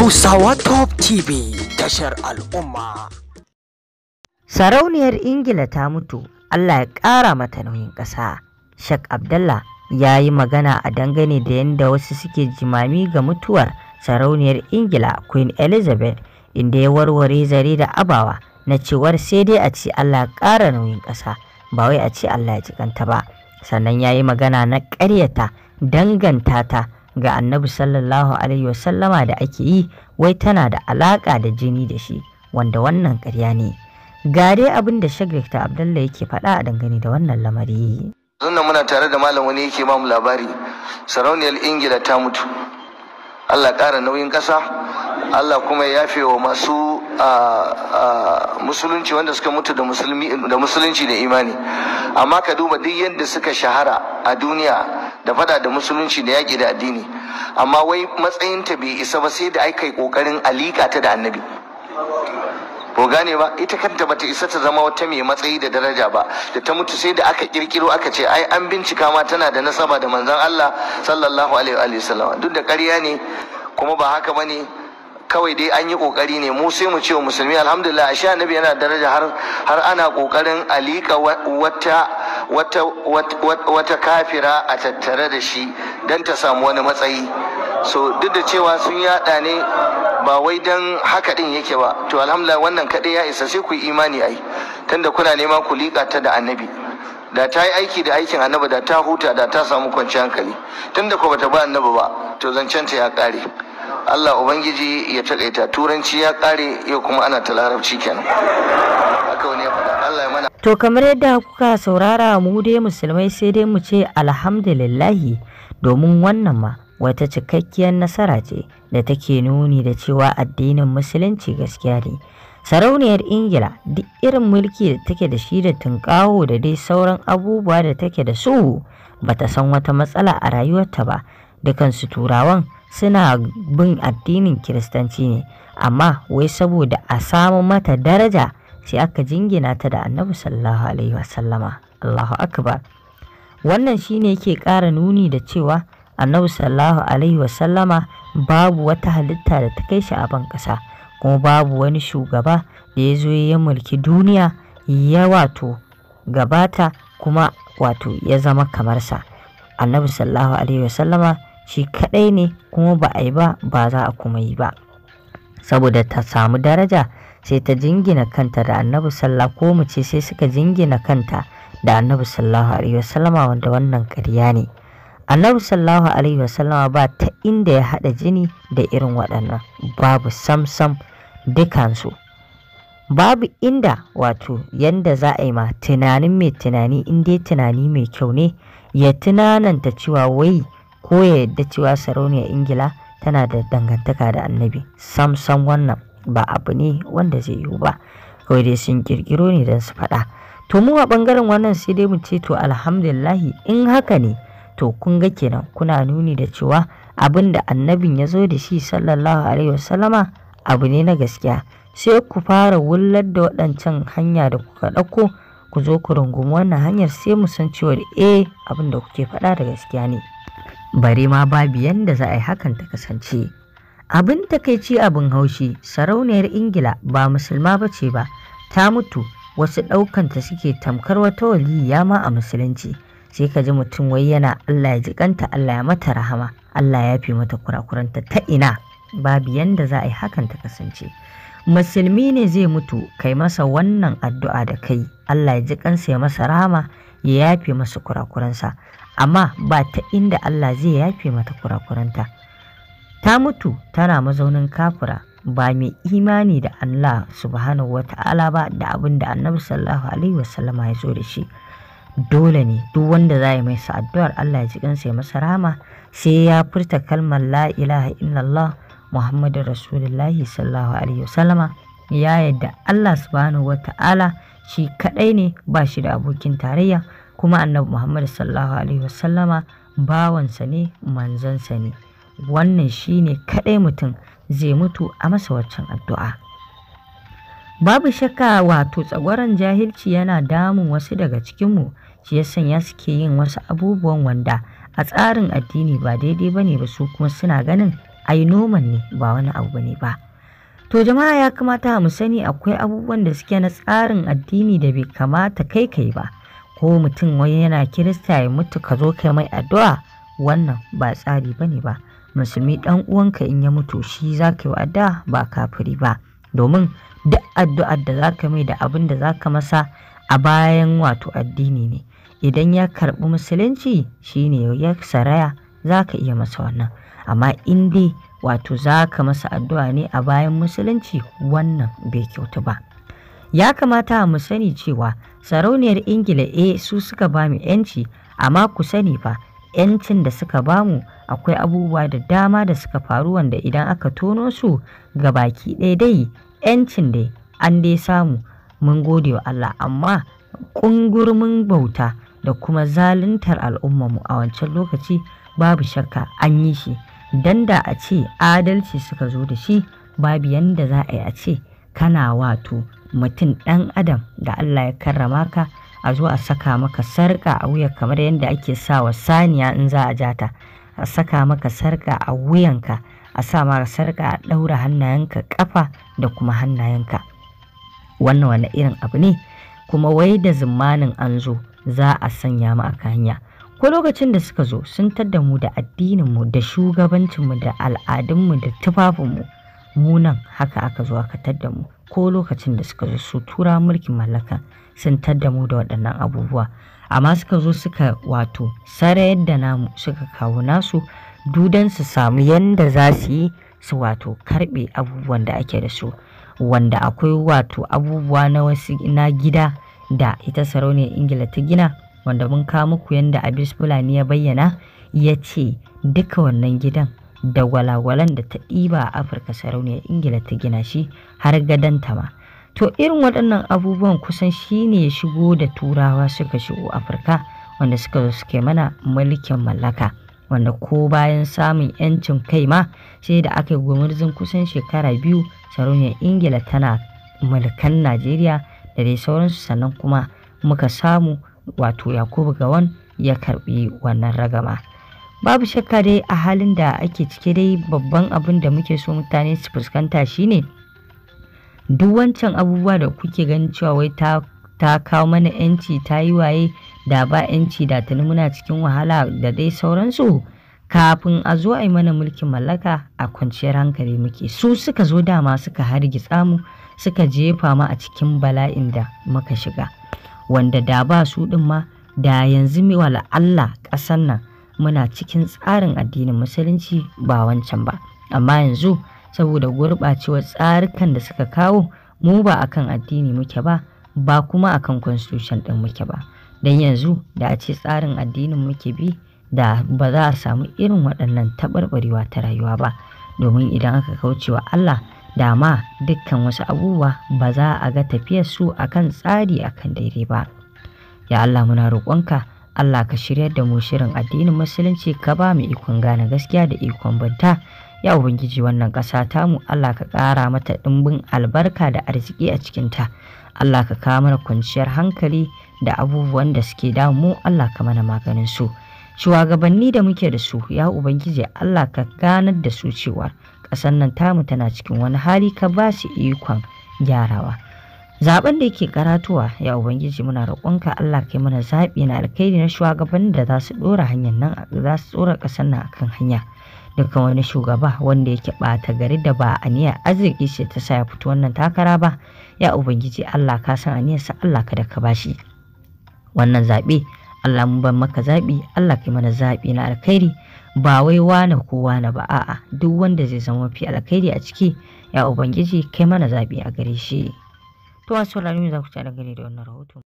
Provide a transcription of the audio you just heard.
Hausawa Top TV tashar al'umma. Sarauniyar Ingila ta mutu, Allah ya ƙara mata nauyin ƙasa. Sheikh Abdallah ya yi magana a dangane da yadda wasu suke jimami ga mutuwar sarauniyar Ingila Queen Elizabeth inda ya warware zare da abawa na cewar sai dai a ce Allah ya ƙara nauyin ƙasa ba wai a ce Allah ya jikanta ba. Sannan ya yi magana na ƙaryata danganta ta ga annabi sallallahu alaihi wasallama da ake yi wai tana da alaƙa da jini da shi wanda wannan karya ne Gare dai abin da shagrik abdullahi yake faɗa a dangane da wannan lamari zunna muna tare da malam wani yake ba mu labari sarauniyar ingila ta mutu allah ƙara nauyin ƙasa allah kuma ya yafe wa masu musulunci wanda suka mutu da musulunci da imani amma ka duba duk yadda suka shahara a duniya da fada da musulunci da yaƙi da addini amma wai matsayinta bai isa ba sai da aka yi ƙoƙarin alika ta da annabi ko gane ba ita kanta bata isa ta zama wata mai matsayi da daraja ba da ta mutu sai da aka kirkiro aka ce ai an bincika ma tana da nasaba da manzon Allah sallallahu alaihi wa sallam duk da ƙarya ne kuma ba haka bane kawai dai an yi kokari ne mu sai mu ce wa musulmi alhamdulillah ashe annabi yana daraja har har ana kokarin alika wata wata wata kafira a tattare da shi dan ta samu wani matsayi so duk da cewa sun yada ne ba wai dan haka din yake ba to alhamdulillah wannan kadai ya isa sai ku imani ai tunda kuna nema ku liƙa ta da annabi da ta yi aiki da aikin annabi da ta huta da ta samu kwanciyar hankali tunda ku bata ba annabi ba to zancen ta ya kare Allah ubangiji ya takaita turanci ya kare yau kuma ana ta larabci kenan to kamar yadda kuka saurara mu dai musulmai sai dai mu ce alhamdulillahi domin wannan ma wata cikakkiyar nasara ce da take nuni da cewa addinin musulunci gaskiya ne sarauniyar ingila duk irin mulki da take da shi da tunƙawo da dai sauran abubuwa da take da su bata san wata matsala a rayuwarta ba dukansu turawan suna bin addinin kiristanci ne amma wai saboda a samu mata daraja sai aka jingina ta da annabi sallallahu alaihi wasallama allahu akbar wannan shine yake ƙara nuni da cewa annabi sallallahu alaihi wasallama babu wata halitta da ta kai shi a ban ƙasa kuma babu wani shugaba da ya zo ya mulki duniya ya wato gabata kuma wato ya zama kamar sa annabi sallallahu alaihi wasallama shi kaɗai ne kuma ba a yi ba ba za a kuma yi ba saboda ta samu daraja sai ta jingina kanta da annabi sallah ko mu ce sai suka jingina kanta da annabi Sallah alaihi wasallama wanda wannan ƙarya ne annabi Sallah alaihi wasallama ba ta inda ya haɗa jini da irin waɗannan babu samsam dukansu babu inda wato yanda za a yi ma tunanin mai tunani in dai tunani mai kyau ne ya tunananta cewa wai ko ya yadda cewa sarauniyar ingila tana da dangantaka da annabi sam sam wannan ba abu ne wanda zai yiwu ba kawai dai sun kirkiro ne don su faɗa to mu a ɓangaren wannan sai dai mu ce to alhamdulillahi in haka ne to kun ga kenan kuna nuni da cewa abin da annabin ya zo da shi sallallahu alaihi wasallama abu ne na gaskiya sai ku fara wullar da waɗancan hanya da kuka ɗauko ku zo ku rungumi wannan hanyar sai mu san cewa eh abin da kuke faɗa da gaskiya ne. Bari ma babu yanda za a yi hakan ta kasance abin takaici abin haushi sarauniyar ingila ba musulma ba ce ba ta mutu wasu ɗaukanta suke tamkar wata waliya ma a musulunci sai ka ji mutum wai yana allah ya jikanta allah ya mata rahama allah ya fi mata kurakuranta ta ina babu yanda za a yi hakan ta kasance musulmi ne zai mutu kai masa wannan addu'a da kai allah ya ji kansa ya masa rahama ya yafe masa kurakuransa amma ba ta inda Allah zai yafe mata kurakuranta ta mutu tana mazaunin kafura ba mai imani da Allah subhanahu wa ta'ala ba da abin da annabi sallallahu alaihi ya zo da shi dole ne duk wanda za yi mai addu'ar Allah ya ji kansa ya masa rama sai ya furta kalmar la ilaha illallah muhammadu Rasulullah sallallahu alaihi wasallama ya yadda Allah subhanahu wa ta'ala shi kaɗai ne ba shi da abokin tarayya kuma annabi Muhammadu sallallahu alaihi wasallama bawansa ne manzansa ne wannan shine kaɗai mutum zai mutu a masa waccan addu'a babu shakka wato tsagwaron jahilci yana damun wasu daga cikinmu shi ya sanya suke yin wasu abubuwan wanda a tsarin addini ba daidai ba ne ba su kuma suna ganin ai noman ne ba wani abu ne ba to jama'a ya kamata mu sani akwai abubuwan da suke na tsarin addini da bai kamata kai kai ba ko mutum wani yana kirista ya mutu ka zo kai mai addu'a wannan ba tsari bane ba musulmi dan uwanka in ya mutu shi za ka yi addu'a ba kafiri ba domin duk addu'ar da za ka mai da abin da za ka masa a bayan wato addini ne idan ya karɓi musulunci shine ya saraya za ka iya masa wannan amma in dai wato za ka masa addu'a ne a bayan musulunci wannan bai kyautu ba Ya kamata mu sani cewa sarauniyar Ingila A eh, su suka bamu 'yanci, amma ku sani fa 'yancin da suka bamu akwai abubuwa da dama da suka faru wanda idan aka tono su ga baki ɗaya dai 'yancin dai an dai samu mun gode wa Allah amma ƙungurmin bauta da kuma zaluntar al'ummarmu a wancan lokaci babu shakka an yi shi. Dan da a ce adalci suka zo da shi babu yanda za a yi a ce kana wato mutum ɗan adam da Allah ya karrama ka a zo a saka maka sarƙa a wuya kamar yadda ake sa wa saniya in za a jata a saka maka sarƙa a wuyanka a sa maka sarƙa a ɗaura hannayenka ƙafa da kuma hannayenka wannan wani irin abu ne kuma wai da zimanin an zo za a sanya mu a hanya ko lokacin da suka zo sun tadda mu da addininmu da shugabancinmu da al'adunmu da tufafinmu munan haka aka zo aka tadda mu ko lokacin da suka zo su tura mulkin mallaka sun tadda mu da waɗannan abubuwa amma suka zo suka wato sare yadda namu suka kawo nasu dudan su samu yadda za su yi su wato karɓe abubuwan da ake da su wanda akwai wato abubuwa na wasu na gida da ita sarauniyar ingila ta gina wanda mun kawo muku yadda abis fulani ya bayyana ya ce duka wannan gidan da gwalagwalan da ta ɗiba a afirka sarauniyar ingila ta gina shi har gadon ta ma to irin waɗannan abubuwan kusan shi ne ya shigo da turawa suka shigo afirka wanda suka zo suke mana mulkin mallaka wanda ko bayan samun yancin kai ma sai da aka yi gumurzin kusan shekara biyu sarauniyar ingila tana mulkan najeriya da dai sauransu sannan kuma muka samu wato yakubu gawan ya karbi wannan ragama babu shakka dai a halin da ake cike dai babban abin da muke so mutane su fuskanta shine duk wancan abubuwa da kuke ganin cewa wai ta ta kawo mana yanci ta yi waye da ba yanci da tuni muna cikin wahala da dai sauransu kafin a zo a yi mana mulkin mallaka a kwanciyar hankali muke su suka zo dama suka hargitsa mu suka jefa mu a cikin bala'in da muka shiga wanda da ba su ɗin ma da yanzu mai Allah ƙasan nan muna cikin tsarin addinin musulunci ba wancan ba amma yanzu saboda gurɓacewar tsarukan da suka kawo mu ba akan addini muke ba ba kuma akan constitution ɗin muke ba don yanzu da a ce tsarin addinin muke bi da ba za a samu irin waɗannan taɓarɓarewa ta rayuwa ba domin idan aka kauce wa Allah dama dukkan wasu abubuwa ba za a ga tafiyar su akan tsari akan daidai ba ya Allah muna roƙonka Allah ka shiryar da mu shirin addinin musulunci ka ba mu ikon gane gaskiya da ikon banta ya ubangiji wannan ƙasa tamu Allah ka ƙara mata ɗimbin albarka da arziki a cikin ta Allah ka kawo mana kwanciyar hankali da abubuwan da suke damu Allah ka mana maganin su shugabanni da muke da su ya ubangiji Allah ka ganar da su cewa ƙasar nan tamu tana cikin wani hali ka ba su ikon gyarawa zaben da yake karatuwa ya ubangiji muna roƙonka Allah kai mana zaɓi na alkhairi na shugaban da za su ɗora hanyar nan za su ɗora ƙasar nan akan hanya dukkan wani shugaba wanda yake ɓata gari da ba aniyar arziki ce ta sa ya fito wannan takara ba ya ubangiji Allah ka san aniyarsa Allah ka da ka bashi wannan zaɓe Allah mun ban maka zaɓi Allah kai mana zaɓi na alkhairi ba wai wane ko wane ba a'a duk wanda zai zama mafi alkhairi a ciki ya ubangiji kai mana zaɓi a gare shi To masu sauraro me za ku da